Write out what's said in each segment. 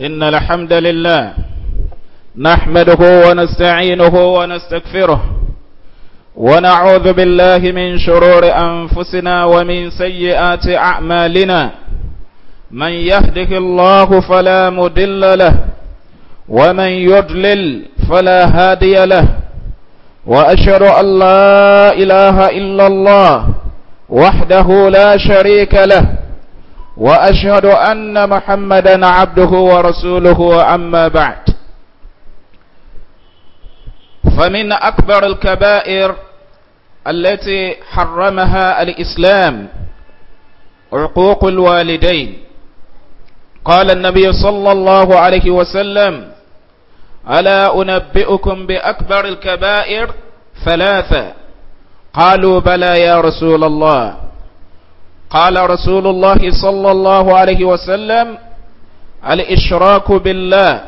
إن الحمد لله نحمده ونستعينه ونستغفره ونعوذ بالله من شرور أنفسنا ومن سيئات أعمالنا من يهده الله فلا مدل له ومن يضلل فلا هادي له وأشهد أن لا إله إلا الله وحده لا شريك له وأشهد أن محمدا عبده ورسوله أما بعد فمن أكبر الكبائر التي حرمها الإسلام عقوق الوالدين قال النبي صلى الله عليه وسلم ألا أنبئكم بأكبر الكبائر ثلاثة قالوا بلى يا رسول الله قال رسول الله صلى الله عليه وسلم الإشراك بالله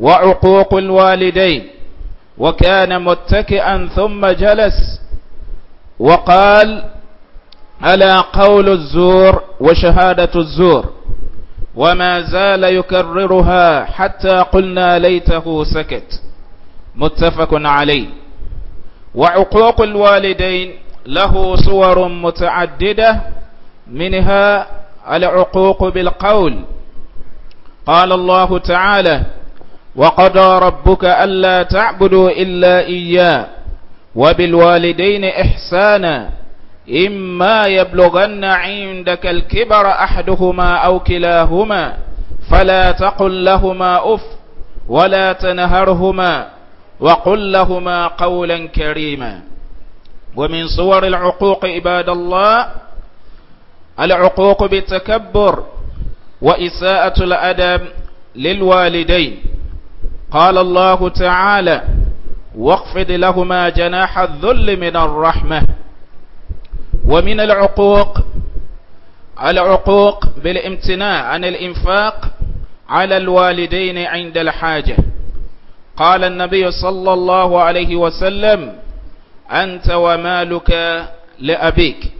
وعقوق الوالدين وكان متكئا ثم جلس وقال ألا قول الزور وشهادة الزور وما زال يكررها حتى قلنا ليته سكت متفق عليه وعقوق الوالدين له صور متعددة منها العقوق بالقول قال الله تعالى وقضى ربك ألا تعبدوا إلا إياه وبالوالدين إحسانا إما يبلغن عندك الكبر أحدهما أو كلاهما فلا تقل لهما أف ولا تنهرهما وقل لهما قولا كريما ومن صور العقوق عباد الله العقوق بالتكبر وإساءة الأدب للوالدين قال الله تعالى واخفض لهما جناح الذل من الرحمة ومن العقوق العقوق بالامتناع عن الإنفاق على الوالدين عند الحاجة قال النبي صلى الله عليه وسلم أنت ومالك لأبيك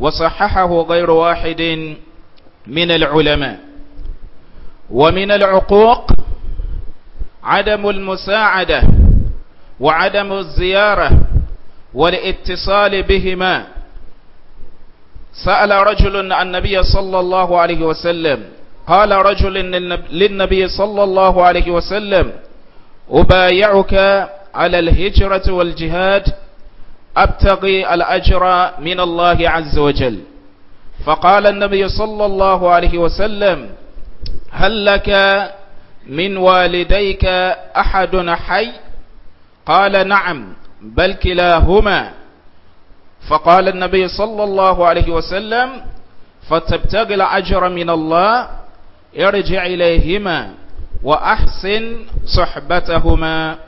وصححه غير واحد من العلماء ومن العقوق عدم المساعدة وعدم الزيارة والاتصال بهما سأل رجل النبي صلى الله عليه وسلم قال رجل للنبي صلى الله عليه وسلم أبايعك على الهجرة والجهاد أبتغي الأجر من الله عز وجل فقال النبي صلى الله عليه وسلم هل لك من والديك أحد حي قال نعم بل كلاهما فقال النبي صلى الله عليه وسلم فتبتغي الأجر من الله ارجع إليهما وأحسن صحبتهما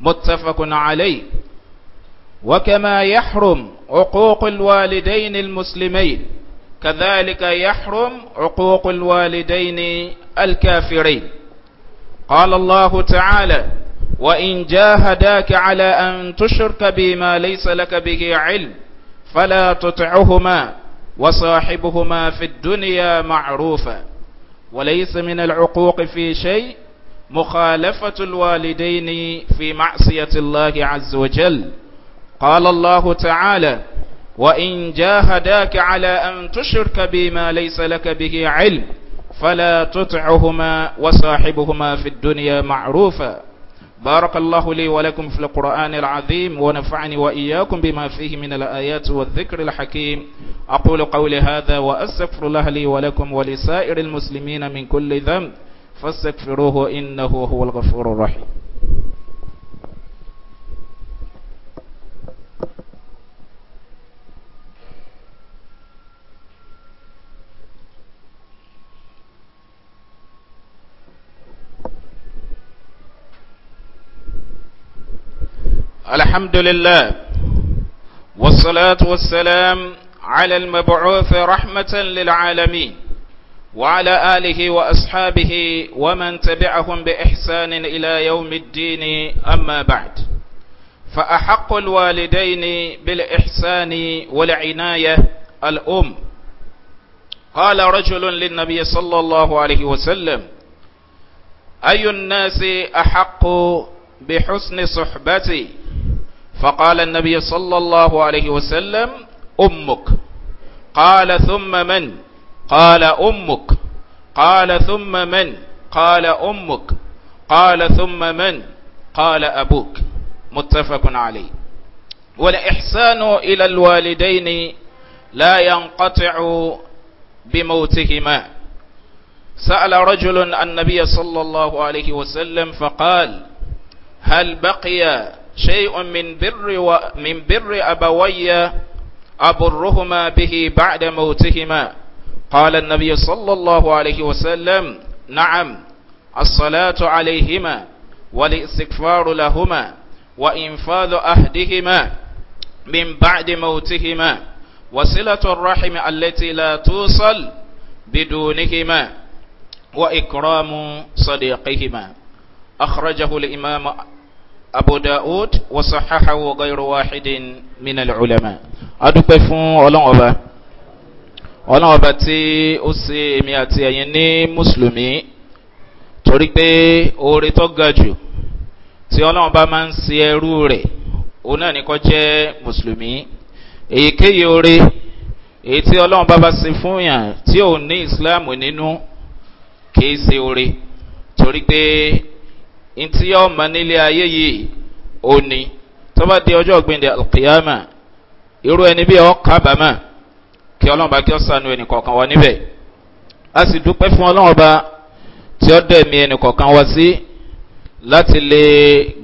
متفق عليه وكما يحرم عقوق الوالدين المسلمين كذلك يحرم عقوق الوالدين الكافرين قال الله تعالى وإن جاهداك على أن تشرك بما ليس لك به علم فلا تطعهما وصاحبهما في الدنيا معروفا وليس من العقوق في شيء مخالفة الوالدين في معصية الله عز وجل قال الله تعالى وإن جاهداك على أن تشرك بما ليس لك به علم فلا تطعهما وصاحبهما في الدنيا معروفا بارك الله لي ولكم في القرآن العظيم ونفعني وإياكم بما فيه من الآيات والذكر الحكيم أقول قولي هذا وأستغفر الله لي ولكم ولسائر المسلمين من كل ذنب فاستغفروه إنه هو الغفور الرحيم الحمد لله والصلاة والسلام على المبعوث رحمة للعالمين وعلى آله وأصحابه ومن تبعهم بإحسان إلى يوم الدين أما بعد فأحق الوالدين بالإحسان والعناية الأم قال رجل للنبي صلى الله عليه وسلم أي الناس أحق بحسن صحبتي فقال النبي صلى الله عليه وسلم أمك قال ثم من قال أمك قال ثم من قال أمك قال ثم من قال أبوك متفق عليه والإحسان إلى الوالدين لا ينقطع بموتهما سأل رجل النبي صلى الله عليه وسلم فقال هل بقي شيء من بر ومن من بر أبوي أبرهما به بعد موتهما قال النبي صلى الله عليه وسلم نعم الصلاة عليهما والاستغفار لهما وإنفاذ أهدهما من بعد موتهما وصلة الرحم التي لا توصل بدونهما وإكرام صديقهما أخرجه الإمام abu daud wasaxaxahu gairu waaxidin min alculama adúpẹ́ fún ọlọ́wọ́ba ọlọ́wọ́ba tí ó se èmi àti ẹ̀yin ní mùsùlùmí torí pé oore tó ga jù tí ọlọ́wọ́ba máa ń se ẹrú rẹ̀ òun náà ní kọ́ jẹ́ mùsùlùmí èyíkéyìí oore èyí tí ọlọ́wọ́ba bá se fún yàn tí ò ní ìsìláàmù nínú kìí se oore torí pé ntí yọ ọmọ nílé ayé yìí ó ní tọ́ba di ọjọ́ gbẹ̀ndẹ̀ alqiyama irú ẹni bí ọ kábàámà kí ọlọ́run bá kí ọ sànú ẹnì kọ̀ọ̀kan wọ níbẹ̀ a sì dúpẹ́ fún ọlọ́run bá tí ọ dẹ̀mí ẹnì kọ̀ọ̀kan wọ sí láti lè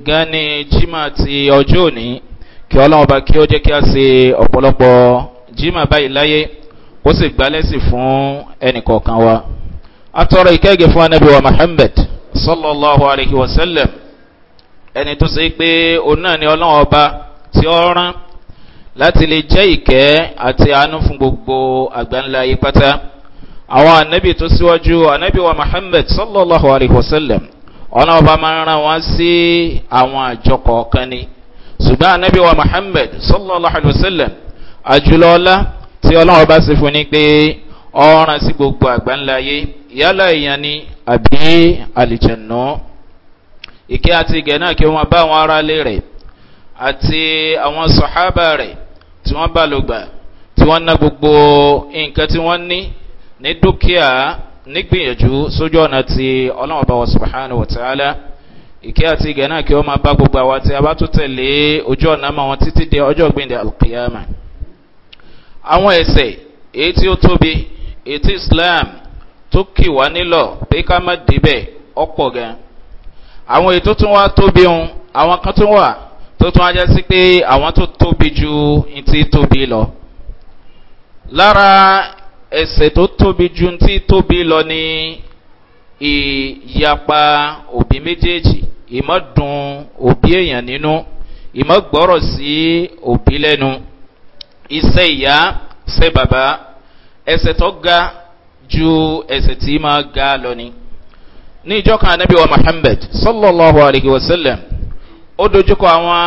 gánni jimá ti ọjọ́ òní kí ọlọ́run kí ó jẹ́ kí a ṣe ọ̀pọ̀lọpọ̀ jimá báyìí láyé kó sì gbálẹ́sì fún ẹnì kọ̀ọ̀kan wa. a tọrọ ìkẹ́gẹ́ fún anabi muhammed sallallahu alayhi wa sallam ẹni tó ṣe pé òun náà ni ọlọ́run ọba tí ó rán láti lè jẹ́ ìkẹ́ àti àánú fún gbogbo àgbáńlá yìí pátá àwọn anabi tó síwájú anabi wa muhammed sallallahu alayhi wa sallam ọlọ́run ọba máa ń ran sí àwọn àjọ kọ̀ọ̀kan ni ṣùgbọ́n anabi wa muhammed sallallahu alayhi wa àjùlọ ọlá tí ọlọ́run ọba sì fún ni pé. ọ̀ràn sí gbogbo àgbáńláyé yálà èèyàn ni àbí àlìjẹ̀nà ìkẹ́ àti ìgẹ̀ náà kí wọ́n bá wọn ara rẹ̀ àti àwọn sọ̀hábà rẹ̀ tí wọ́n bá lò gbà gbogbo nǹkan tí wọ́n ní ní dúkìá nígbìyànjú sójú ọ̀nà ti ọlọ́run bá subhanahu ta'ala ìkẹ́ àti ìgẹ̀ náà kí wọ́n máa bá gbogbo àwa tí a bá tó tẹ̀lé ojú ọ̀nà mọ́ wọn títí dé ọjọ́ gbìndé ètí islam tó kì wá nílọ̀ pé ká má débẹ̀ ọ̀pọ̀ gan àwọn ètò tó wá tóbi ohun àwọn kan tó wà tó tún ajá sí pé àwọn tó tóbi ju ntí tóbi lọ lára ẹsẹ̀ tó tóbi ju ntí tóbi lọ ni ìyapa òbí méjèèjì ìmọ̀dùn òbí èèyàn nínú ìmọ̀gbọ́rọ̀ sí òbí lẹ́nu iṣẹ́ ìyá ṣe bàbá ẹsẹ̀ tó ga ju ẹsẹ̀ tí máa ga lọ ni ní ìjọ kan anabi wa muhammed sallallahu alayhi wa sallam ó dojúkọ àwọn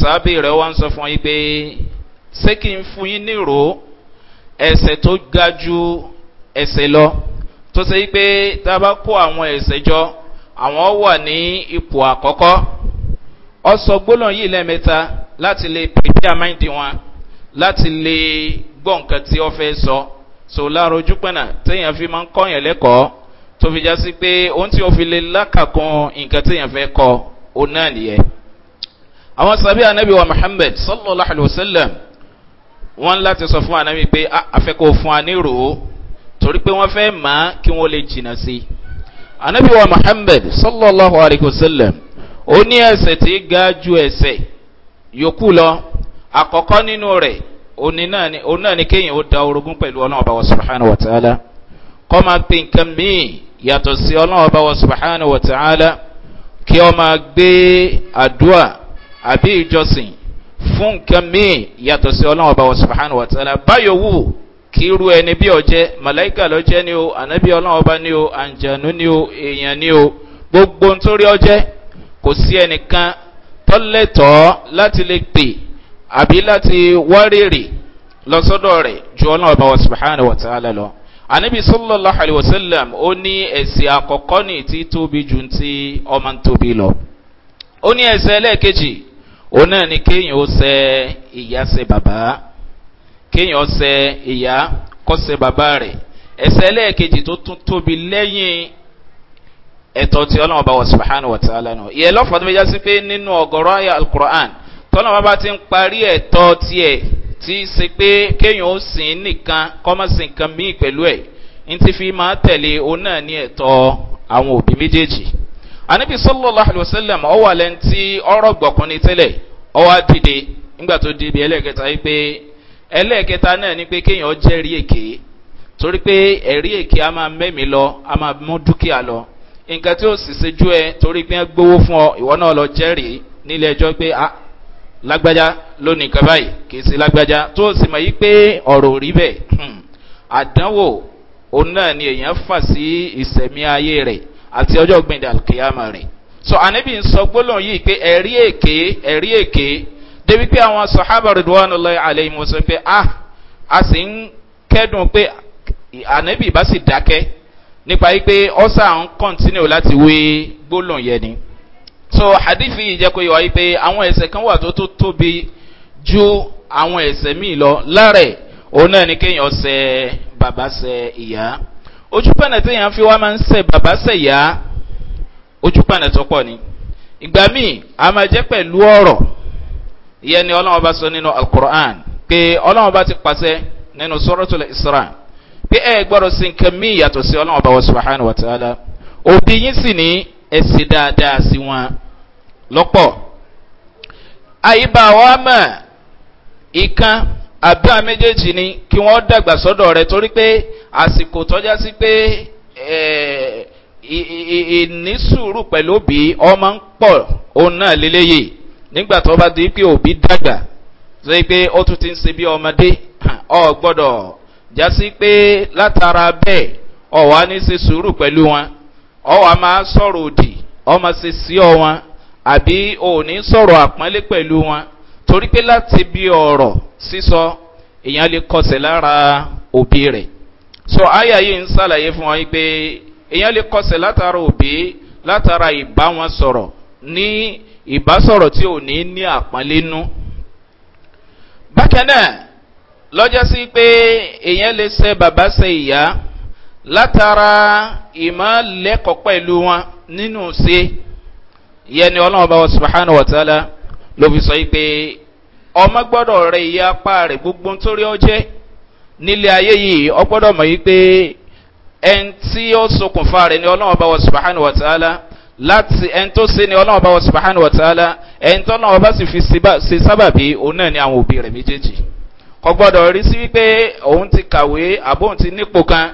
sábẹ́ rẹ̀ wá ń sọ fún yín pé ṣé kí n fún yín nírò ẹsẹ̀ tó ga ju ẹsẹ̀ lọ tó ṣe pé tá a bá kó àwọn ẹsẹ̀ jọ àwọn wà ní ipò àkọ́kọ́ ọ sọ gbólóhùn yìí lẹ́ẹ̀mẹ́ta láti lè pèpè àmáìdí wọn láti lè gbọ́ nǹkan tí ọ fẹ́ sọ. So so lára ojú pẹ̀nà téèyàn fi máa ń kọ́ yẹn lẹ́kọ̀ọ́ tó fi já sí pé ohun tí o fi lè lákàkún nǹkan téèyàn fẹ́ kọ o náà nìyẹn. àwọn sàbí anabi wa muhammed sallallahu alayhi wa sallam wọ́n láti sọ fún anabi pé àfẹ́kọ̀ ah, fún anírò torí pé wọ́n fẹ́ mọ̀ á kí wọ́n lè jìnnà sí i. anabi wa muhammed sallallahu alayhi wa sallam ó ní ẹsẹ̀ tí ga ẹsẹ̀ yòókù lọ àkọ́kọ́ nínú rẹ̀ òní náà ni òun náà ni kéèyàn ó da orogún pẹ̀lú ọlọ́run ọba wa subahana wa ta'ala kọ́ máa pe nǹkan míì yàtọ̀ sí ọlọ́run ọba wa subahana wa ta'ala kí ọ máa gbé àdúrà àbí ìjọsìn fún nǹkan míì yàtọ̀ sí ọlọ́run ọba wa subahana wa ta'ala báyọ̀ wù kí irú ẹni bí ọjẹ́ màláìkà lọ́jẹ́ ni o ànábì ọlọ́run ọba ni o àǹjànú ni o èèyàn ni o gbogbo nítorí ọjẹ́ kò sí ẹnìkan tọ́lẹ̀tọ́ láti lè pè àbí láti wárìrì lọ́sọ́dọ̀ rẹ̀ ju ọlọ́run ọba wa subhanahu wa ta'ala lọ. anabi sallallahu alayhi wa sallam ó ní ẹ̀sìn àkọ́kọ́ ní ti tóbi ju ti ọmọ tóbi lọ. ó ní ẹ̀sìn ẹlẹ́ẹ̀kejì òun náà ni kéèyàn ó sẹ ìyá sẹ bàbá kéèyàn ó sẹ ìyá kọ́ sẹ bàbá rẹ̀ ẹ̀sìn ẹlẹ́ẹ̀kejì tó tún tóbi lẹ́yìn ẹ̀tọ́ ti ọlọ́run ọba wa subhanahu wa ta'ala lọ. ìyẹn lọ́fọ̀ọ́ tọ́lọ́mọ bá ti ń parí ẹ̀tọ́ tiẹ̀ tí í ṣe pé kéèyàn ó sìn nìkan kọ́mọ̀sìn kan míì pẹ̀lú ẹ̀ ń ti fi máa tẹ̀lé òun náà ní ẹ̀tọ́ àwọn òbí méjèèjì anabi sallallahu alayhi wa sallam ọwọ́ alẹ́ ń tí ọ̀rọ̀ gbọ̀kúnni tẹ́lẹ̀ ọwọ́ dìde nígbà tó di ibi ẹlẹ́ẹ̀kẹta yìí pé ẹlẹ́ẹ̀kẹta náà ni pé kéèyàn jẹ́rìí èké torí pé ẹ̀rí èké a máa mẹ́mí lọ a máa mú dúkìá lọ nǹkan tí ó sì ṣe ju ẹ torí pé gbowó fún ọ ìwọ náà lọ jẹ́rìí nílé ẹjọ́ pé ah, lágbájá lónìí kan báyìí kì í ṣe lágbájá tó sì mọ̀ yìí pé ọ̀rọ̀ rí bẹ́ẹ̀ hmm. àdánwò òun náà ni èèyàn fà sí ìsẹ̀mí ayé rẹ̀ àti ọjọ́ gbẹ̀ndẹ̀ àkèyàmọ̀ rẹ̀ so anabi ń sọ gbólóhùn yìí pé ẹ̀rí èké ẹ̀rí èké débi pé àwọn sọ̀hábà rìdwánù lọ àlẹ́ ìmọ̀ sọ pé ah a sì ń kẹ́dùn pé anabi bá sì dákẹ́ nípa yìí pé ọ́sà ń kọ́ntínú láti wé gbólóhùn yẹn ni so hadithi yìí jẹ́ kó yọ wáyé pé àwọn ẹ̀sẹ̀ kan wà tó tó tóbi ju àwọn ẹ̀sẹ̀ míì lọ lárẹ̀ òun náà ni kéèyàn sẹ bàbá sẹ ìyá ojú pẹ̀lẹ́ téèyàn fi wá máa ń sẹ bàbá sẹ ìyá ojú pẹ̀lẹ́ tó pọ̀ ni ìgbà míì a máa jẹ́ pẹ̀lú ọ̀rọ̀ ìyẹn ni ọlọ́run bá sọ nínú alukur'an pé ọlọ́run bá ti pàṣẹ nínú sọ́rọ́tò isra pé ẹ gbọ́dọ̀ sí nǹkan míì yàtọ̀ sí ọlọ́run bá wọ ẹ ṣe dáadáa sí wọn lọ́pọ̀. àyíbá wa mọ̀ ìkan àbí méjèèjì ni kí wọ́n dàgbà sọ́dọ̀ rẹ̀ torí pé àsìkò tọ́já sí pé ìní sùúrù pẹ̀lú òbí ọmọ ń pọ̀ òun náà lélẹ́yìí nígbà tó bá di pé òbí dàgbà tó yẹ pé ó tún ti ń ṣe bí ọmọdé ọ gbọ́dọ̀ já pé látara bẹ́ẹ̀ ọ̀wá ní ṣe sùúrù pẹ̀lú wọn ọwọ́ a máa sọ̀rọ̀ òdì ọmọ ṣe sí ọ wọn àbí òní sọ̀rọ̀ àpọ́nlé pẹ̀lú wọn torí pé láti bí ọ̀rọ̀ sísọ èèyàn lè kọsẹ̀ lára òbí rẹ̀ so àyà yìí ń ṣàlàyé fún wọn pé èèyàn lè kọsẹ̀ látara òbí látara ìbá wọn sọ̀rọ̀ ní ìbásọ̀rọ̀ tí ò ní ní àpọ́nlé nú bákan náà lọ́jọ́ sí pé èèyàn lè ṣe bàbá ṣe ìyá látara ìmọ̀lẹ́kọ̀ọ́ pẹ̀lú wọn nínú ṣe yẹni ọlọ́run bá wọn subahana wa ta'ala ló fi sọ pé ọmọ gbọ́dọ̀ rẹ ìyá apá rẹ gbogbo nítorí ọjẹ́ nílé ayé yìí ọ mọ̀ yí ẹn tí ó ṣokùnfà rẹ ni ọlọ́run bá wọn subahana wa ta'ala láti ẹn tó ṣe ni ọlọ́run bá wọn subahana wa ta'ala ẹn tó náà bá sì fi ṣe sábàbí òun náà ni àwọn òbí rẹ méjèèjì kọ gbọ́dọ̀ rí sí wípé òun ti kàwé àbóhùn ti nípò kan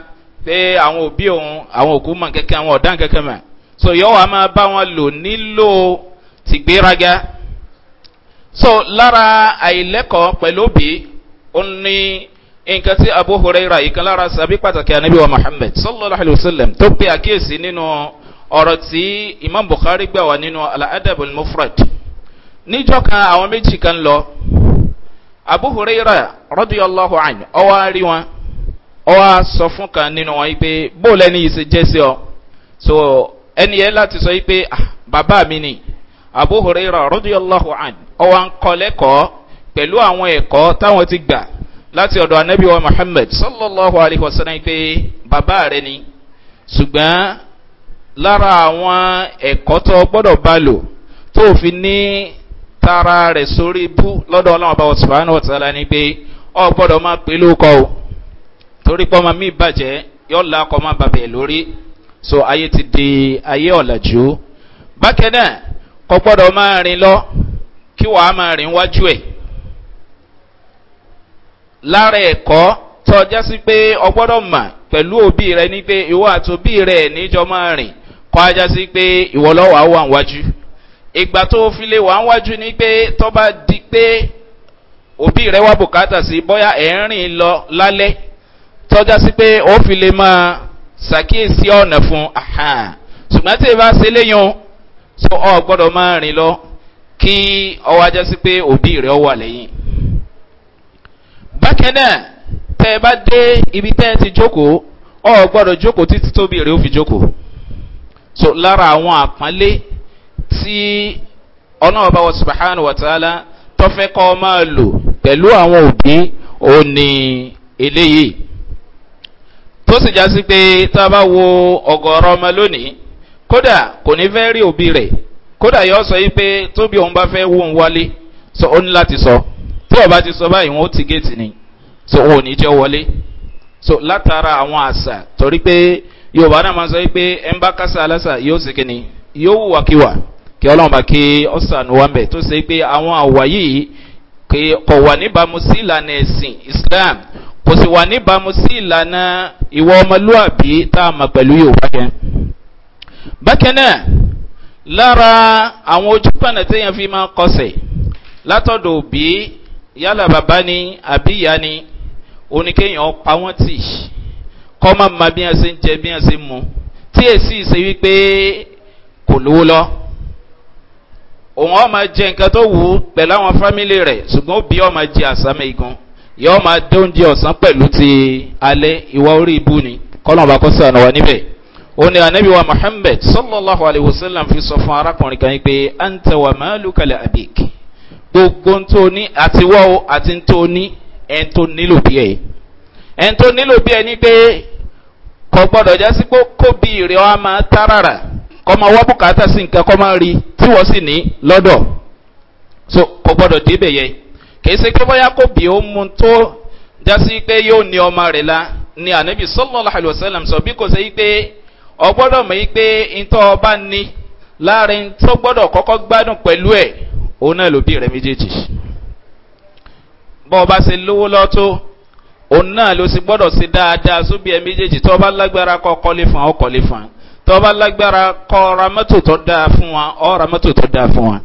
pé àwọn òbí òun àwọn òkú mọ̀ kẹ́kẹ́ àwọn ọ̀dán kẹ́kẹ́ mọ̀ so yọ wà máa bá wọn lò nílò tìgbéraga so lára àìlẹ́kọ̀ọ́ pẹ̀lú òbí ó ní nǹkan tí abu huraira ìkan lára sàbí pàtàkì ànábì wa muhammed sallallahu alayhi wa sallam tó pe àkíyèsí nínú ọ̀rọ̀ tí imam bukhari gbà wá nínú al-adab al-mufrad níjọ́ kan àwọn méjì kan lọ abu huraira rọ́díọ́lọ́hu àìn ọwọ́ àrí ọ wá sọ fún kan nínú wọn pé bó lẹ́ni yìí ṣe jẹ́ sí ọ so ẹni yẹn láti sọ pé ah, bàbá mi ni àbúhùrẹ́ rà rọ́dí ọlọ́hùn àn ọ wá ń kọ́ lẹ́kọ̀ọ́ pẹ̀lú àwọn ẹ̀kọ́ táwọn ti gbà láti ọ̀dọ̀ anabi muhammed sallallahu alayhi wa sallam pé bàbá rẹ ni ṣùgbọ́n lára àwọn ẹ̀kọ́ tó gbọ́dọ̀ bá lò tó fi ní tara rẹ̀ sórí bú lọ́dọ̀ ọlọ́run ọba ọ̀sùnfàánù ọ̀tàlá ni pé ọ gbọ́dọ̀ máa pè lóko torí pé ọmọ mi bàjẹ́ yọ la ọkọ̀ máa bàbẹ̀ lórí so ayé ti di ayé ọ̀làjú bákẹ́ náà kọ́ gbọ́dọ̀ máa rìn lọ kí wàá máa rìn wájú ẹ̀ lára ẹ̀kọ́ tọ́já sí pé ọgbọ́dọ̀ mà pẹ̀lú òbí rẹ ní pé ìwọ àti rẹ níjọ máa rìn kọ́ ajá sí pé ìwọ lọ́wọ́ wà wájú ìgbà tó fi lè ni pé tọ́ di pé òbí rẹ wá bùkátà sí bóyá ẹ̀ ń rìn lọ tọ́já sí pé ó fi lè máa ṣàkíyèsí ọ̀nà fún ṣùgbọ́n tí ìbá ṣe léyìn so ọ gbọ́dọ̀ máa rìn lọ kí ọwọ́ ajá sí pé òbí rẹ̀ wà lẹ́yìn. bákan náà tẹ́ ẹ bá dé ibi tẹ́ ẹ ti jókòó ọ gbọ́dọ̀ jókòó títí tóbi rẹ̀ ó fi jókòó. so lára àwọn àpọ́nlé tí ọlọ́ọ̀bá wa subahana wa ta'ala tọ́fẹ́ kọ́ máa lò pẹ̀lú àwọn òbí òní eléyìí tó sì já sí pé tá a bá wo ọ̀gọ̀ọ̀rọ̀ ọmọ lónìí kódà kò ní fẹ́ rí òbí rẹ̀ kódà yọ sọ yìí pé tóbi òun bá fẹ́ wò ń wọlé so ó ní láti sọ tí ọba ti sọ báyìí wọn ó ti géètì ni so òun ò ní jẹ́ wọlé so látara àwọn àṣà torí pé yorùbá náà máa sọ yìí pé ẹ̀ ń bá kásá aláṣà yóò sì kíni yóò wùwàkiwà kí ọlọ́run bá kí ọ̀sán wa ń bẹ̀ tó ṣe pé àwọn àwà yìí kò wà níbàámu sí ìlànà ẹ̀sìn islam kò sì wà níbàámu sí ìlànà ìwà ọmọlúàbí tá a mọ̀ pẹ̀lú yorùbá yẹn. bákan náà lára àwọn ojúpànà téèyàn fi máa kọsẹ̀ látọ̀dọ̀ òbí yálà bàbá ni àbí ìyá ni oníkéèyàn pa wọ́n tì kọ́ máa ma bí wọ́n ṣe ń jẹ bí wọ́n ṣe ń mu tí èsì ṣe wípé kò lówó lọ òun ọ̀ máa jẹ nǹkan tó wù ú pẹ̀lú àwọn fámìlì rẹ̀ ṣùgbọ́n òbí ọ̀ máa jẹ àsámẹ́ igun yọ máa dé oúnjẹ ọ̀sán pẹ̀lú ti alẹ́ ìwà orí ibu ni kọ́lọ́n bá kọ́ sànù wa níbẹ̀ ó ní anabi wa muhammed sallallahu alayhi wa sallam fi sọ fún arákùnrin kan pé à ń tẹ wà máa lù kalẹ̀ àbíkì gbogbo ń tó ní àti wọ́ o àti ń tó ní ẹ̀ ń tó nílò bí ẹ̀ ẹ̀ ń tó nílò bí ẹ̀ ní pé kò gbọ́dọ̀ jásí pé kó bí ìrẹ̀ wa máa táràrà kọ́ máa wọ́ bùkátà sí nǹkan kọ́ máa rí tí wọ́n sì ní lọ́dọ̀ so kò gbọ́dọ̀ débẹ̀ yẹn kìí ṣe pé bóyá kò bí ó mú tó jásí pé yóò ní ọmọ rẹ̀ la ni ànábì sọlọ́lá àlùsọ́làm sọ bí kò ṣe yí pé ọgbọ́dọ̀ mọ̀ yí pé ntọ́ ọba ní láàrin tó gbọ́dọ̀ kọ́kọ́ gbádùn pẹ̀lú ẹ̀ òun náà ló bí rẹ̀ méjèèjì bọ́ ọba ṣe lówó lọ́tọ́ òun náà ló ṣe gbọ́dọ̀ ṣe dáadáa sóbi ẹ̀ méjèèjì tọ́ ọba lágbára kọ́ kọ́lé fún ọ kọ́lé fún ọ tọ́ lágbára kọ́ ra tó dáa fún wa ọ ra tó dáa fún wa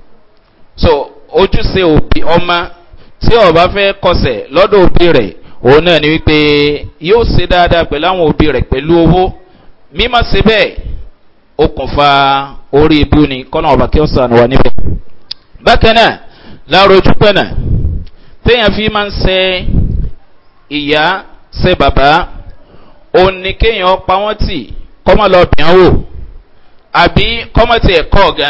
so ojúṣe òbí ọmọ tí ọba fẹ́ kọsẹ̀ lọ́dọ̀ òbí rẹ̀ òun náà ni wípé yóò ṣe dáadáa pẹ̀lú àwọn òbí rẹ̀ pẹ̀lú owó mímọ́ ṣe bẹ́ẹ̀ okùnfà orí ibú ni kọ́nà ọba kí ó sànù wá níbẹ̀. bákan náà láàárọ̀ ojú pẹ̀nà téèyàn fi máa ń ṣe ìyá ṣe bàbá òun ni kéèyàn pa wọ́n tì kọ́mọ lọ bìàn wò àbí kọ́mọ tiẹ̀ kọ́ ọ̀gá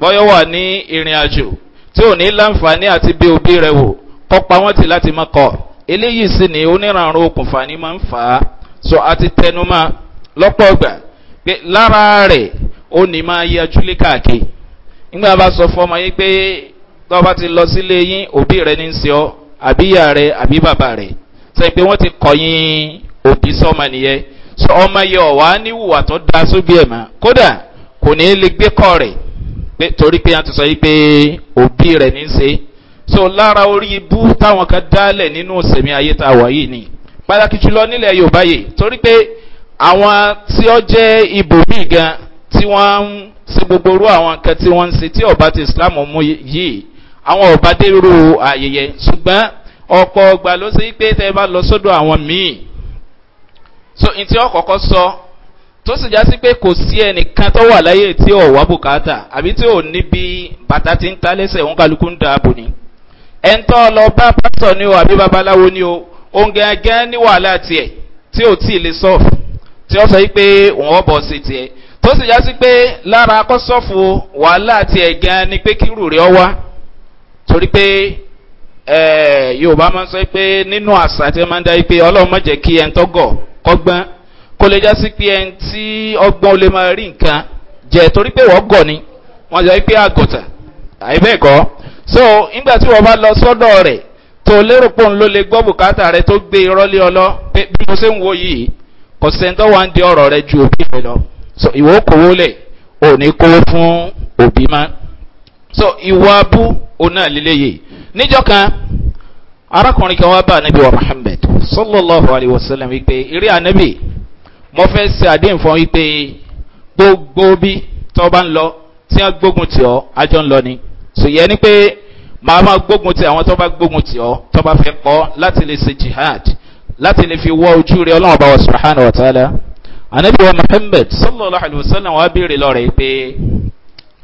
bọ́yọ̀ wà ní ìrìn àjò tí ò ní láǹfààní àti bí òbí rẹ̀ wò kọ́pa wọ́n ti láti mọ́ eléyìí sì ni onírànrún okùnfà ni máa ń fà á so àti tẹnumọ́ lọ́pọ̀ ọgbà pé lára rẹ̀ ó ní máa yẹjú lé káàkiri nígbà bá sọ fún ọmọ yín pé tó bá ti lọ sílé yín òbí rẹ̀ ní í ṣe ọ́ àbíyá rẹ̀ àbí bàbá rẹ̀ sẹ́yìn pé wọ́n ti kọ̀yìn òbí sọ́mọ nìyẹn sọ ọmọ yẹn ọ̀wá níwùwà tó da sóbì ẹ̀ mọ́ kódà kò ní í lè gbé kọ́ rẹ̀ pé torí pé a ti sọ yìí pé òbí rẹ̀ ní í ṣe so lára orí ibú táwọn kan dálẹ̀ nínú sẹ̀mí ayé tá a wà yìí ni pàtàkì jùlọ nílẹ̀ yorùbá yìí torí pé àwọn tí ó jẹ́ ibòmíì gan tí wọ́n ń ṣe gbogbo irú àwọn nǹkan tí wọ́n ń ṣe tí ọba ti islam mú yìí àwọn ọba dérú ayẹyẹ ṣùgbọ́n ọ̀pọ̀ ọgbà ló ṣe pé tẹ́ bá lọ sọ́dọ̀ àwọn míì so ntí ọkọ̀ọ̀kọ̀ sọ tó sì já sí pé kò sí ẹnìkan tó wà láyé tí ò wá bùkátà àbí tí ò ní bí bàtà ti ń ta lẹ́sẹ̀ òun kálukú ń da ààbò ni. ẹ̀ ń tọ́ lọ bá pásítọ̀ ni o àbí babaláwo ni o òun gẹ́gẹ́ ní wàhálà tiẹ̀ tí ò tí ì lè sọ́ọ̀fù tí ó sọ yí pé òun ọ̀bọ̀ sí tiẹ̀ tó sì já sí pé lára akọ́sọ́fù wàhálà tiẹ̀ gan ni pé kírù rẹ̀ ọ wá torí pé yorùbá máa ń sọ pé nínú àṣà tí wọ́n máa ń kó lè jásí pé ẹni tí ọgbọ́n ó lè máa rí nǹkan jẹ torí pé wọ́n gọ̀ ni wọ́n jẹ́ pé àgọ̀tà so nígbà tí wọ́n bá lọ sọ́dọ̀ rẹ̀ tó lérò pé ló lè gbọ́ bùkátà rẹ̀ tó gbé irọ́ lé ọlọ́ pé bí mo ṣe ń wo yìí ju òbí rẹ̀ so ìwọ lẹ̀ ò ní kówó so ìwọ abú òun náà kan arákùnrin kan anabi wa muhammed sallallahu alayhi wa sallam wípé anabi mo fẹ́ ṣe àdéhùn fún yín pé gbogbo bí tọ́ bá ń lọ tí wọ́n gbógun tì ọ́ àjọ ń lọ ni sòyẹ́ ni pé màá máa gbógun ti àwọn tó bá gbógun ti ọ tó bá fẹ kọ láti lè ṣe jihad láti lè fi wọ ojú rẹ ọlọ́run bá wọ subahana wa taala anabi wa muhammed sallallahu alayhi wa sallam wa béèrè lọ́rẹ̀ pé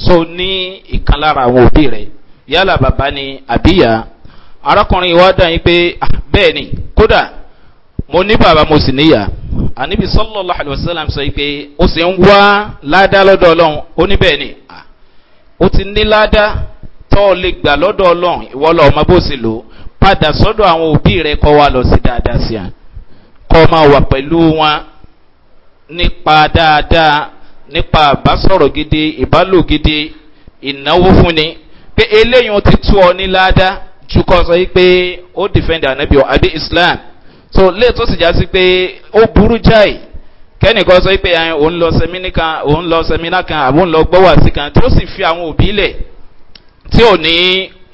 so ní ìkan lára àwọn òbí rẹ yálà bàbá ni àbíyá arákùnrin wa dàn yín pé ah, bẹ́ẹ̀ ni kódà mo ní bàbá mo sì níyà àníbi sọlọ́lá àlùsálàm sọ pé ó sì ń wá ládá lọ́dọ̀ ọlọ́run ó níbẹ̀ ni ó ti ní ládá tọ́ ọ lè gbà lọ́dọ̀ ọlọ́run ìwọ lọ ọmọ bó sì lò padà sọ́dọ̀ àwọn òbí rẹ kọ́ wa lọ sí dáadáa sí à kọ́ máa wà pẹ̀lú wọn nípa dáadáa nípa àbásọ̀rọ̀ gidi ìbálò gidi ìnáwó fúnni pé eléyìí ti tú ọ ní ládá ju kọ́ sọ pé ó dìfẹ́ndì ànábìọ́ àbí islam so lè tó sì já sí pé ó burú jáì kẹ́nìkan sọ pé òun lọ sẹmínà kan òun lọ sẹmínà kan àbí òun lọ gbọ́wà sí kan tí ó sì fi àwọn òbí lẹ̀ tí ò ní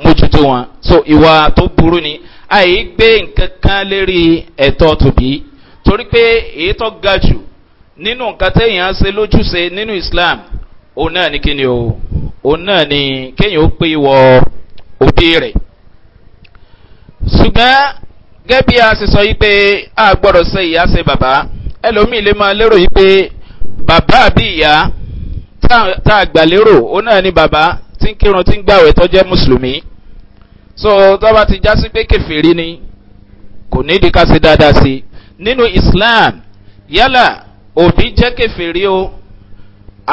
mójútó wọn so ìwà tó burú ni àyè gbé nǹkan kan lérí ẹ̀tọ́ tòbí torí pé èyí tó ga jù nínú nǹkan téèyàn ṣe lójúṣe nínú islam òun náà ni kíni o òun náà ni kéèyàn ó pé wọ òbí rẹ̀ ṣùgbọ́n gẹ́gẹ́ bí a ṣe sọ yìí pé a gbọ́dọ̀ ṣe ìyá ṣe bàbá ẹlòmíì lè máa lérò yìí pé bàbá àbí ìyá tá a gbà lérò ó náà ní bàbá tí ń kírun tí ń gbàwẹ̀ tó jẹ́ mùsùlùmí so tó bá ti já sí pé kẹfìrí ni kò nídìí ká ṣe dáadáa sí i nínú islam yálà òbí jẹ́ kẹfìrí o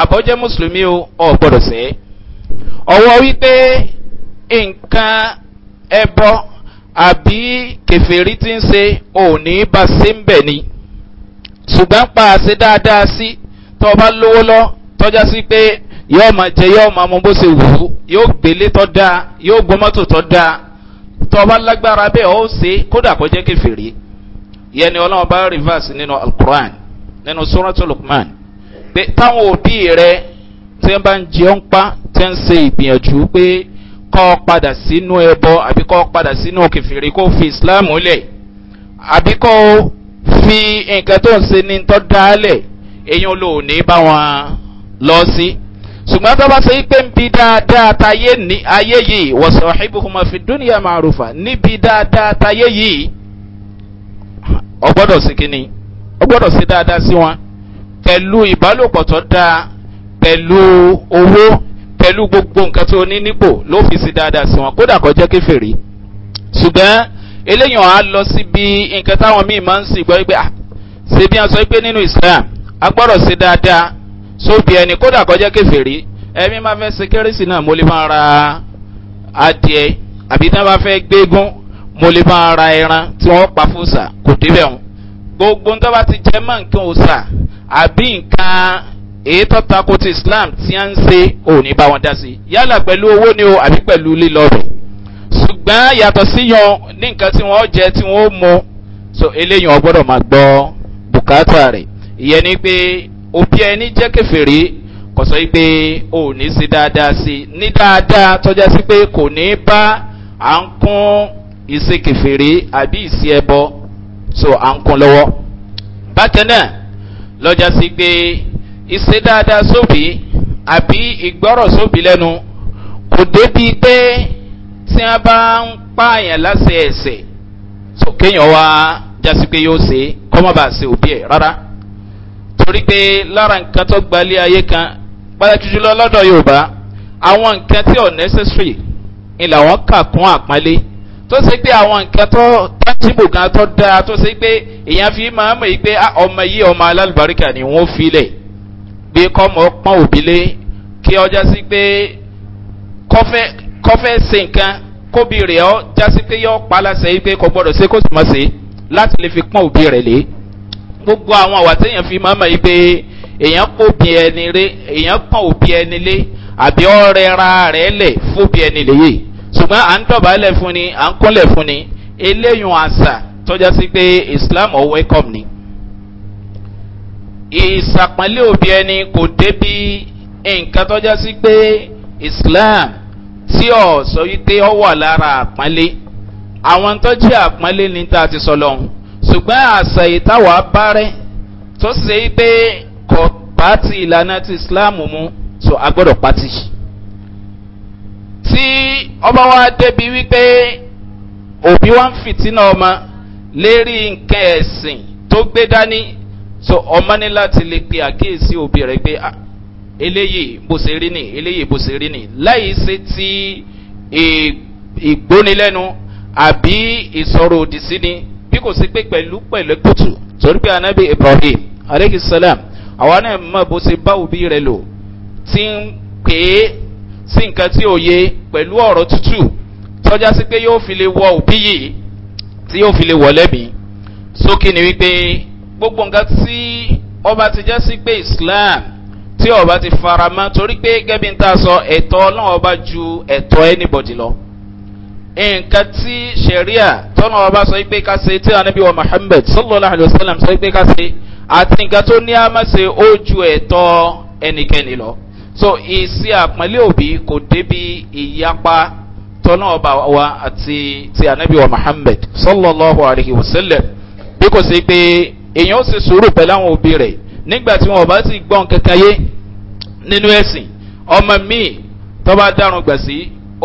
àbọ̀jẹ́ mùsùlùmí o ọ̀ gbọ́dọ̀ sẹ́ ọwọ́ wípé nǹkan ẹbọ. E àbí kẹfẹ́rí ti ń ṣe òní bá ṣe ń bẹ̀ ni ṣùgbọ́n pa àṣẹ dáadáa sí tó bá lówó lọ tọ́já sí pé yóò máa jẹ yóò máa mọ bó ṣe wù ú yóò gbélé tọ́ dáa yóò gbọ́ mọ́tò tọ́ dáa tó bá lágbára bẹ́ẹ̀ ó ṣe kódà kó jẹ́ kẹfẹ́rí yẹn ọlọ́run bá rìvásì nínú alukur'an nínú sọ́rọ́tò lukman pé táwọn òbí rẹ tí wọ́n bá ń jẹun pa tí wọ́n ń ṣe ìgbìyànjú pé kọ́ padà sínú ẹbọ àbí kọ́ padà sínú kẹfìrí kó fi islam lẹ̀ àbí kọ́ fi nǹkan tó ń se ní tọ́ dálẹ̀ èyàn ló ní bá wọn lọ sí ṣùgbọ́n tó bá ṣe pé ń bi dáadáa táyé ní ayé yìí wọ̀sán ìbùkún fi dúnìyà máa rùfà níbi dáadáa táyé yìí ọgbọ́dọ̀ sí kíni ọgbọ́dọ̀ sí dáadáa sí wọn pẹ̀lú ìbálòpọ̀ tó dáa pẹ̀lú owó pẹ̀lú gbogbo nǹkan tó ní nípò ló fi sí dáadáa sí wọn kódà kọjá kéfèrè ṣùgbọ́n eléyàn á lọ síbi nǹkan táwọn míì máa ń sì gbọ́ pé ṣe bí wọn sọ pé nínú islam a gbọ́dọ̀ ṣe dáadáa sóbi ẹni kódà kọjá kéfèrè ẹ̀mí máa fẹ́ ṣe kérésì náà mo lè máa ra adìẹ àbí tí wọn bá fẹ́ gbégún mo lè máa ra ẹran tí wọn pa fún sà kò débẹ̀ wọn gbogbo ń bá ti jẹ́ mọ́ nǹkan òòsà àbí nǹkan èétọ́ tako ti islam tí a ń ṣe òní bá wọn dá sí yálà pẹ̀lú owó ni o àbí pẹ̀lú lílọ́ọ̀dù ṣùgbọ́n yàtọ̀ síyan ní nǹkan tí wọ́n jẹ tí wọ́n mu so eléyìí wọn gbọ́dọ̀ máa gbọ́ bùkátà rẹ̀ ìyẹn ni pé òbí ẹni jẹ́ kẹfìrí kò sọ pé òní sí dáadáa sí ní dáadáa tọ́já sí pé kò ní bá à ń kún ìṣe kẹfìrí àbí ìṣe ẹbọ so à ń kún lọ́wọ́ bákan náà lọ́jà sí pé ìṣe dáadáa sóbì àbí ìgbọ́rọ̀ sóbì lẹ́nu kò débi pé tí wọ́n bá ń pààyàn láṣẹ ẹ̀sẹ̀ so kéèyàn wá jásí pé yóò ṣe kọ́mọ́bà ṣe òbí ẹ̀ rárá torí pé lára nǹkan tó gbalẹ̀ ayé kan pàtàkì jùlọ lọ́dọ̀ yorùbá àwọn nǹkan tí ò necessary ni làwọn kà kún àpọ́nlé tó ṣe pé àwọn nǹkan tó tẹ́tìbù kan tó dáa tó ṣe pé èèyàn fi máa mọ̀ yìí pé ah, ọmọ yìí ọmọ alálùbáríkà ni wọ́n fi lẹ̀ pé kọ́mọ pọ́n òbí kí ọjà sí pé kọ́fẹ́ ṣe nǹkan kóbi rẹ̀ ọ́ jásí pé yọ pa aláṣẹ yìí pé kò gbọ́dọ̀ ṣe kó sì mọ̀ ṣe láti lè fi pọ́n òbí rẹ̀ lé gbogbo àwọn àwà téèyàn fi máa mọ̀ yìí pé èèyàn pòbi ẹni lé èèyàn pọ́n òbí ẹni lé àbí ọ̀rẹ́ ra rẹ̀ lẹ̀ fóbi ẹni lèyè ṣùgbọ́n à ń dọ̀bálẹ̀ fún ni à ń kúnlẹ̀ fún ni eléyùn àṣà tọ́já sí pé islam ọ̀ welcome ni ìsàpọ̀nlé òbí ẹni kò débi nǹkan tọ́já sí pé islam tí ọ̀ sọ wípé ọ wà lára àpọ́nlé àwọn tó jẹ́ àpọ́nlé ní tá a ti sọ lọ́hùn ṣùgbọ́n àṣà ìtawà bárẹ́ tó ṣe pé kò pàtì ìlànà ti islam mu so a gbọ́dọ̀ pàtì. tí ọba wa débi wípé òbí wa ń fìtínà ọmọ lérí nǹkan ẹ̀sìn tó gbé dání so ọmọ ní láti lè pe àkíyèsí òbí rẹ pé ah, eléyìí bó ṣe rí nì eléyìí bó ṣe rí nì láì ṣe ti ìgbónilẹ́nu àbí ìsọ̀rọ̀ òdì sí ni bí kò sí pé pẹ̀lú pẹ̀lú kùtù torí pé anabi ibrahim aleyhi salam àwa náà mọ̀ bó ṣe bá òbí rẹ lò ti ń pè é sí nǹkan tí ò yé pẹ̀lú ọ̀rọ̀ tútù tọ́já sí pé yóò fi lè wọ òbí yìí tí yóò fi lè wọ̀ lẹ́mìí sókè ni wípé gbogbo nǹkan tí ọba ti jẹ́ pé islam tí ọba ti fara mọ́ torí pé gẹ́bí ń ta sọ ẹ̀tọ́ ọlọ́run ọba ju ẹ̀tọ́ anybody lọ nǹkan tí sẹ̀ríà tọ́nà ọba sọ pé ká ṣe tí anabi wa muhammed sallallahu alayhi wa sallam sọ pé ká ṣe àti nǹkan tó ní a ó ju ẹ̀tọ́ ẹnikẹ́ni lọ so ìsí àpọ́nlé òbí kò débi ìyapa tọ́nà ọba wa àti ti anabi wa muhammed sallallahu alayhi wa sallam bí kò sí pé èèyàn ó sì sùúrù pẹ̀lú àwọn òbí rẹ̀ nígbà tí wọn bá sì gbọ́n kankan yé nínú ẹ̀sìn ọmọ míì tó bá dárun gbà sí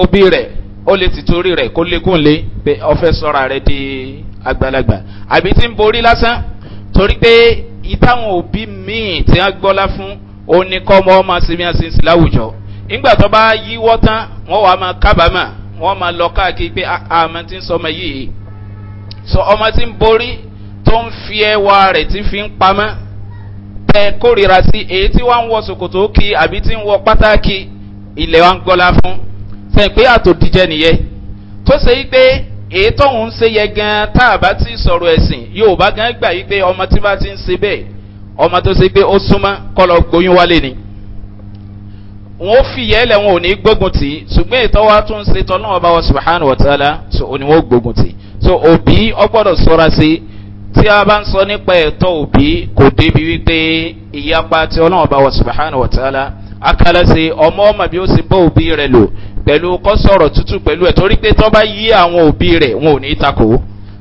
òbí rẹ̀ ó lè ti torí rẹ̀ kó lékún lé pé ọfẹ́ sọ́ra rẹ̀ di àgbàlagbà àbí tí ń borí lásán torí pé ìtàwọn òbí míì tí wọ́n gbọ́lá fún òní ọmọ ọmọ sinmi àṣìṣe láwùjọ nígbà tó bá yíwọ́ tán wọ́n wàá máa kábàámà wọ́n máa lọ káàkiri pé àmọ́ ah, ah, tí ń sọmọ yìí sọ ọmọ tí ń borí tó ń fi ẹwà rẹ̀ tí fi ń pamọ́ tẹ kórìíra sí èyí tí wọ́n ń wọ sòkòtò kí àbí tí ń wọ pátákì ilẹ̀ wa ń gbọ́lá fún sẹ́yìn pé àtòdíjẹ́ nìyẹn tó ṣe yí pé èyí tóun ṣe yẹ gan tá a bá ti sọ̀rọ̀ ẹ̀sìn yóò bá gan gbà yí pé ọmọ tí bá ti ń ṣe bẹ́ẹ̀ ọmọ tó ṣe pé ó súnmọ́ kọ́ lọ gbóyún wálé ni. wọn ó fìyẹ́ lẹ̀ wọn ò ní gbógun tì í ṣùgbọ́n ètò wa tún ṣe tọ́ náà wa subahana wa taala so òní wọn ó gbógun tì í so òbí ọgbọ́dọ̀ sọ́ra sí tí a bá ń sọ nípa ẹ̀tọ́ òbí kò débi wípé ìyapa tí ọlọ́run bá wọ subahana wàtálá akálẹ́sẹ̀ ọmọ ọmọ bí ó sì bọ́ òbí rẹ̀ lò pẹ̀lú kọ́sọ̀rọ̀ tútù pẹ̀lú ẹ̀ torí pé tó bá yí àwọn òbí rẹ̀ wọn ò ní takò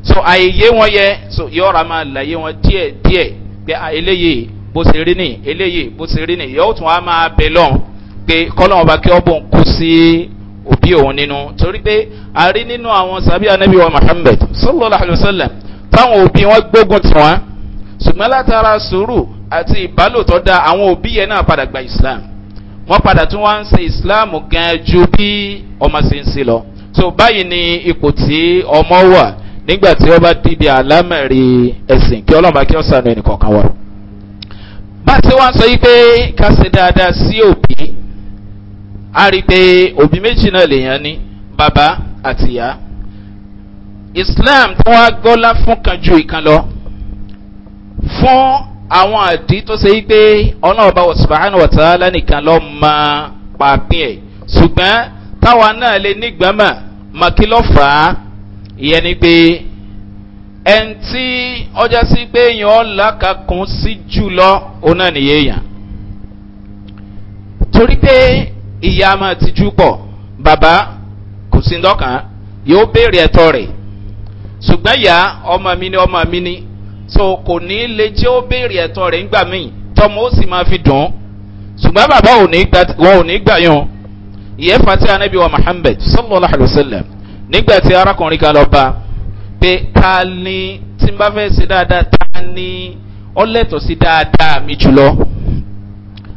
so àìyé wọn yẹ so yọra máa làyé wọn díẹ̀ díẹ̀ pé eléyìí bó ṣe rí nì eléyìí bó ṣe rí nì yóò tún wá máa bẹ̀ lọ́n pé kọ́lọ́run bá kí ọ́bùn kú sí òbí òun nínú torí pé a nínú àwọn sàbí anabi wa muhammed sallallahu alayhi wa sallam táwọn òbí wọn gbógun tì wọn ṣùgbọ́n látara sùúrù àti ìbálòtọ́ da àwọn òbí yẹn náà padà gba islam wọ́n padà tún wá ń ṣe islam gan ju bí ọmọ ṣe ń ṣe lọ so báyìí ni ipò tí ọmọ wà nígbà tí ó bá dìde àlámẹ̀rí ẹ̀sìn kí ọlọ́mọba kí ó sànú ẹnì kọ̀ọ̀kan wà. bá a ti wá ń sọ yìí ká ṣe dáadáa sí òbí a rí i pé òbí méjì náà lèèyàn ní bàbá àtìyá islam tó wá gbọ́lá fún kan ju ìkan lọ fún àwọn àdí tó ṣe yí pé ọlọ́ọ̀bá wọ̀sùbáhánù wọ̀tàlá nìkan lọ máa pàpín ẹ̀ ṣùgbọ́n táwa náà lè nígbàmọ̀ màkí fà á ìyẹn ni pé ẹni tí ọjà sí pé èèyàn làkàkùn sí jù òun náà nìyẹn yàn torí pé ìyá máa tijú pọ̀ bàbá kò sí ndọ́kàn yóò béèrè ẹ̀tọ́ rẹ̀ ṣùgbọ́n ìyá ọmọ mi ni ọmọ mi ni so kò ní lè jẹ́ ó béèrè ẹ̀tọ́ rẹ̀ ńgbà míì tọmọ ó sì máa fi dùn ún ṣùgbọ́n bàbá wọn ò ní gbà yàn ìyẹn fati anabi wa muhammed sallallahu alayhi wa sallam nígbà tí arákùnrin kan lọ bá pé ta ni tí n bá fẹ́ ṣe dáadáa ta ni ọlẹ́tọ̀ sí dáadáa mi jùlọ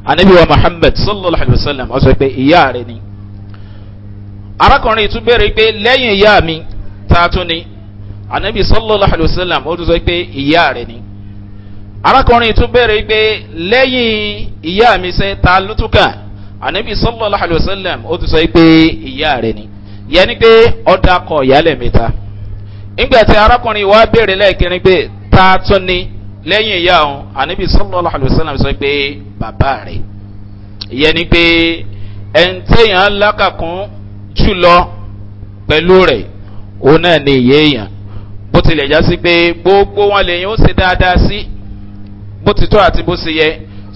anabi wa muhammed sallallahu alayhi wa sallam ọ̀sẹ̀ pé ìyá rẹ̀ ni arákùnrin tún béèrè pé lẹ́yìn ìyá mi ta tún ni anabi sallallahu alayhi wa sallam ó tún sọ pé ìyá rẹ ni arákùnrin tún bẹ̀rẹ̀ pé lẹ́yìn ìyá mi sẹ́ ta lótúkà anabi sallallahu alayhi wa sallam ó tún sọ pé ìyá rẹ ni yẹni pé ọ̀dà kọ̀ ìyálẹ̀ mẹ́ta nígbà tí arákùnrin wa bẹ̀rẹ̀ lẹ́ẹ̀kẹrin pé ta tún ni lẹ́yìn ìyá òun anabi sallallahu alayhi wa sallam sọ pé bàbá rẹ yẹni pé ẹ̀ńtẹ̀yàn lákàkún jùlọ pẹ̀lú rẹ̀ òun náà ni ìyá bó tilẹ̀ já sí pé gbogbo wọn lèyìn ó ṣe dáadáa sí bó ti tó àti bó ṣe yẹ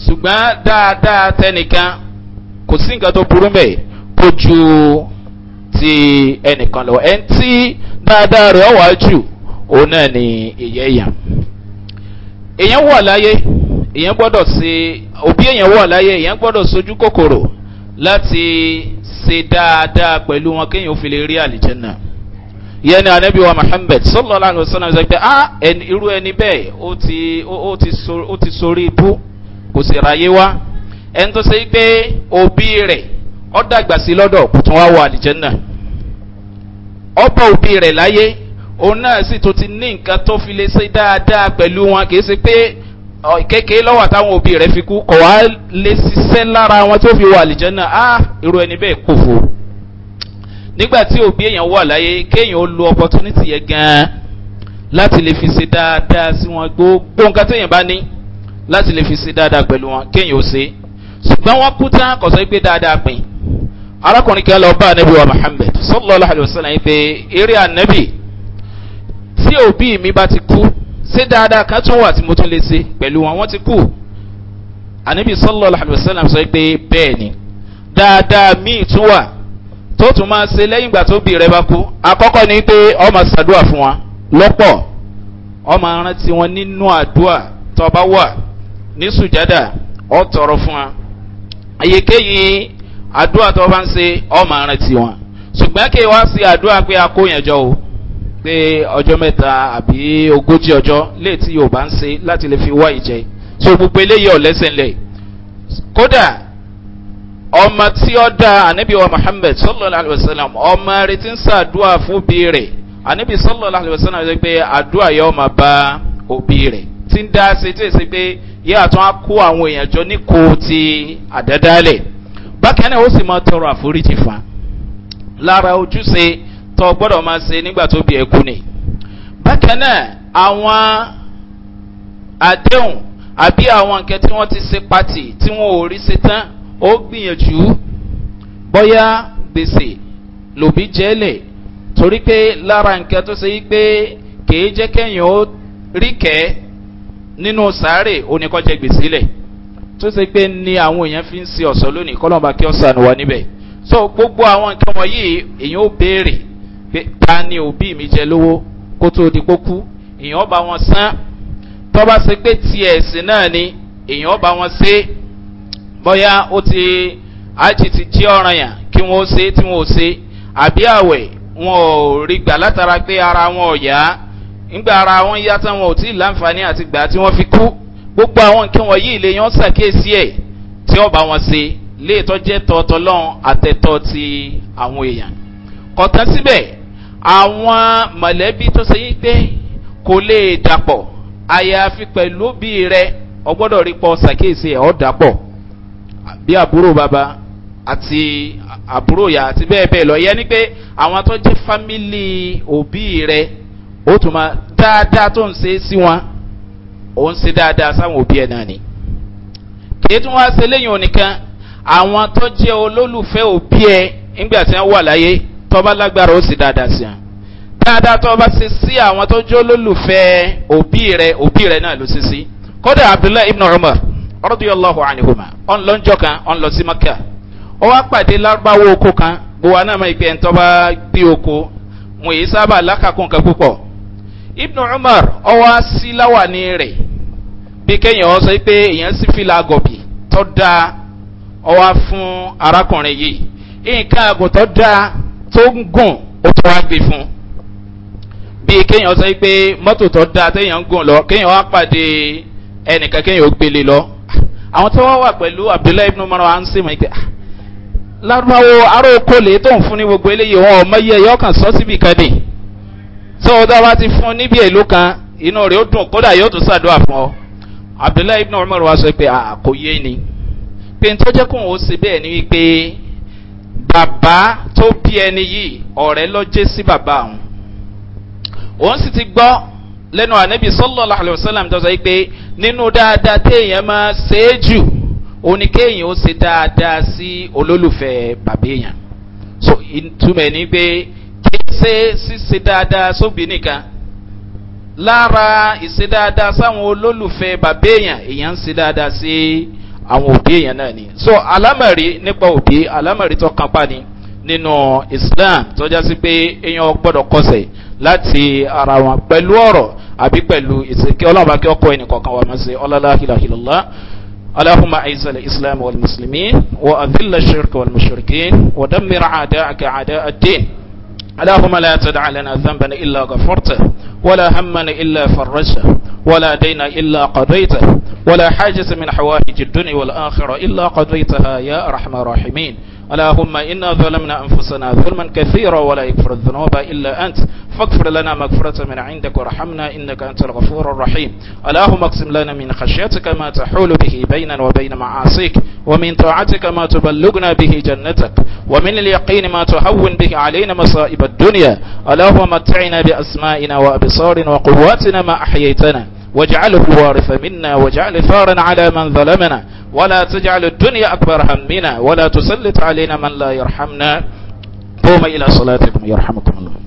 ṣùgbọ́n dáadáa tẹnìkan kò sí nǹkan tó burú mẹ́ kó ju ti ẹnìkan lọ ẹni tí dáadáa rẹ̀ ọ̀wá jù òun náà ni ìyẹ́ èèyàn èèyàn wà láyé èèyàn gbọ́dọ̀ ṣe òbí èèyàn wà láyé èèyàn gbọ́dọ̀ sojú kòkòrò láti ṣe dáadáa pẹ̀lú wọn kéèyàn ó fi lè rí àlìjẹ́ náà yẹn ni anabi wa muhammed sallallahu alayhi wa sallam ṣe pé ah ẹni irú ẹni bẹ́ẹ̀ ó ti ó ti so ó ti sori ibú kò sì ráyé wá ẹni tó ṣe pé òbí rẹ̀ ọ́ dàgbà sí lọ́dọ̀ kò tún wá wọ àlìjẹ́nà ọ̀pọ̀ òbí rẹ̀ láyé òun náà sì tó ti ní nǹkan tó fi lè ṣe dáadáa pẹ̀lú wọn kì í ṣe pé kékeré lọ́wọ́ àtàwọn òbí rẹ̀ fi kú kọ̀ wá lè ṣiṣẹ́ lára wọn tó fi wọ àlìjẹ́nà ah irú ẹni bẹ́ẹ̀ kò fò nígbà tí òbí èèyàn wà láyé kéèyàn ó lo opportunity yẹn gan-an láti lè fi ṣe dáadáa sí wọn gbogbo nǹkan téèyàn bá ní láti lè fi ṣe dáadáa pẹ̀lú wọn kéèyàn ó ṣe ṣùgbọ́n wọ́n kú tán kọ̀sọ́ pé dáadáa pin arákùnrin kan lọ bá anabi wa muhammed sallallahu alayhi wa sallam pé eré anabi tí òbí mi bá ti kú ṣé dáadáa kan tún wà tí mo tún lè ṣe pẹ̀lú wọn wọ́n ti kú anabi sallallahu alayhi wa sallam sọ pé bẹ́ẹ̀ ni dáadáa míì tún wà tó tún máa ṣe lẹ́yìn ìgbà tó bí rẹ bá kú àkọ́kọ́ ni pé ọmọ ṣàdúrà fún wa lọ́pọ̀ ọmọ rántí wọn nínú àdúrà tó bá wà ní sùjádà ọ tọrọ fún wa èyíkéyìí àdúrà tó bá ń ṣe ọmọ rántí wọn ṣùgbọ́n kí wá sí àdúrà pé a kó yẹn jọ o pé ọjọ́ mẹ́ta àbí ogójì ọjọ́ léètí yorùbá ń ṣe láti lè fi wá ìjẹ so gbogbo eléyìí ọ̀lẹ́sẹ̀ ńlẹ̀ kódà ọmọ tí ó da anabi wa muhammed sallallahu alayhi wa sallam ọmọ rẹ ti ń sàdúà fún òbí anabi sallallahu alayhi wa sallam ṣe pé àdúà yẹn ọmọ bá òbí rẹ ti ń dá ṣe tí ṣe pé yíyàtọ̀ á kó àwọn èèyàn jọ ní kó ti àdádálẹ̀ bákan náà ó sì máa tọrọ àforíjì fa lára ojúṣe tó gbọ́dọ̀ máa ṣe nígbà tó bí ẹkú ni bákan náà àwọn àdéhùn àbí àwọn nǹkan tí wọ́n ti ṣe pati tí wọ́n ò rí ṣe tán ó gbìyànjú bóyá gbèsè lòbí jẹ́lẹ̀ torí pé lára nǹkan tó ṣe pé kèé jẹ́ kẹ́yìn ó rí kẹ́ nínú sàárè oníkọ́jẹ́ gbèsè lẹ̀ tó ṣe pé ni àwọn èèyàn fi ń se ọ̀sọ́ lónìí kọ́lọ́mọba kí ọ̀sán wà níbẹ̀ so gbogbo àwọn nǹkan wọ̀nyí èèyàn ó béèrè pé ta ni òbí mi jẹ lówó kó tó di pókú èèyàn ọba wọn sán tọ́ba ṣe pé tiẹ̀ sí náà ni èèyàn ọba wọn ṣe é bóyá ó ti àti ti jí ọ̀ràn yàn kí wọ́n ṣe tí wọ́n ṣe àbí àwẹ̀ wọn ò rí gbà látara pé ara wọn ò yá ńgbà ara wọn yá tán wọn ò tí ì láǹfààní àti gbà tí wọ́n fi kú gbogbo àwọn nǹkan wọ̀nyí ilé yẹn ṣàkíyèsí ẹ̀ tí wọ́n wọn ṣe léètọ́ jẹ́ tọ́tọ́ àtẹ̀tọ́ ti àwọn èèyàn kọ̀tán síbẹ̀ àwọn mọ̀lẹ́bí tó ṣe yí pé kò lè dàpọ̀ àyàfi pẹ̀lú bí rẹ ọgbọ́dọ̀ rí pọ̀ ṣàkíyèsí ẹ̀ ọ́ dàpọ̀ bí àbúrò bàbá àti àbúrò ìyá àti bẹ́ẹ̀ bẹ́ẹ̀ lọ yẹ ni pé àwọn tó jẹ́ fámìlì òbí rẹ ó tún máa dáadáa tó ń ṣe sí wọn ó ń ṣe dáadáa sáwọn òbí ẹ̀ náà ni kì í tún wá ṣe léyìn onìkan àwọn tó jẹ́ olólùfẹ́ òbí ẹ̀ nígbà tí wọ́n wà láyé tọ́ba lágbára ó sì dáadáa sí wọn dáadáa tó ṣe sí àwọn tó jó lólùfẹ́ òbí rẹ òbí rẹ náà ló ṣe sí kódà abdullahi ibn umar rọ́díọ́láhùn àníhùmá ọ̀n lọ jọ kan ọ̀n lọ sí maka ó wá pàdé lárúbáwò oko kan gbogbo aná máa gbé ẹ̀ńtọ́ bá gbé oko wọn èyí sábà lákàkún kan púpọ̀ ibnu umar ọ wá sí láwàní rẹ̀ bí kéèyàn ọ sọ pé èèyàn sì fi làgọ̀bì tọ́ da ọ fún arákùnrin yìí nǹkan àgùntàn da tó ń gùn ó tó wá gbé fún un bíi kéèyàn pé mọ́tò tó dáa téèyàn ń gùn lọ kéèyàn wá pàdé ẹnìkan kéèyàn ó gbélé lọ àwọn tí wọ́n wà pẹ̀lú abdullahi ibn umar wa ń sè mọ́ ìgbà ah, lárúbáwò arókòlè tó ń fún ní gbogbo eléyìí wọn ọmọ yẹ yọ kàn sọ síbi kan dì tí wọn ti fún níbi èlò kan inú rẹ ó dùn kódà yóò tún ṣàdúrà fún ọ abdullahi ibn umar wa sọ pé ah, kò yé ni pé tó jẹ́ kóun ó ṣe bẹ́ẹ̀ ni wípé bàbá tó bí ẹni yìí ọ̀rẹ́ lọ jẹ́ sí bàbá òun òun sì ti gbọ́ lẹ́nu ànábì sọ́lọ́lá àlùsọ́làm tó sọ pé nínú dáadáa téèyàn máa ṣe é jù oníkéèyàn ó ṣe dáadáa sí olólùfẹ́ bàbá èèyàn so ìtumọ̀ ẹni pé kí ṣe ṣíṣe dáadáa sóbì nìkan lára ìṣe dáadáa sáwọn olólùfẹ́ bàbá èèyàn ń ṣe dáadáa sí àwọn òbí èèyàn náà ni so alámọ̀rí nípa òbí alámọ̀rí tó kápá ni. So, nínú islam tó ja si pé èèyàn gbọ́dọ̀ kọsẹ̀ láti ara wọn pẹ̀lú ọ̀rọ̀ àbí pẹ̀lú olorun ba kí ọkọ̀ ẹnì kokan wà máa ṣe ọlọ́lá hìlàhìlọ́lá اللهم أعز الإسلام والمسلمين وأذل الشرك والمشركين ودمر أعداءك أعداء الدين اللهم لا تدع لنا ذنبا إلا غفرته ولا هما إلا فرجته ولا دينا إلا قضيته ولا حاجة من حوائج الدنيا والآخرة إلا قضيتها يا أرحم الراحمين اللهم إنا ظلمنا أنفسنا ظلما كثيرا ولا يغفر الذنوب إلا أنت فاغفر لنا مغفرة من عندك وارحمنا إنك أنت الغفور الرحيم اللهم اقسم لنا من خشيتك ما تحول به بيننا وبين معاصيك ومن طاعتك ما تبلغنا به جنتك ومن اليقين ما تهون به علينا مصائب الدنيا اللهم متعنا بأسمائنا وأبصارنا وقواتنا ما أحييتنا واجعله الوارث منا واجعل ثارا على من ظلمنا ولا تجعل الدنيا أكبر همنا ولا تسلط علينا من لا يرحمنا قوم إلى صلاتكم يرحمكم الله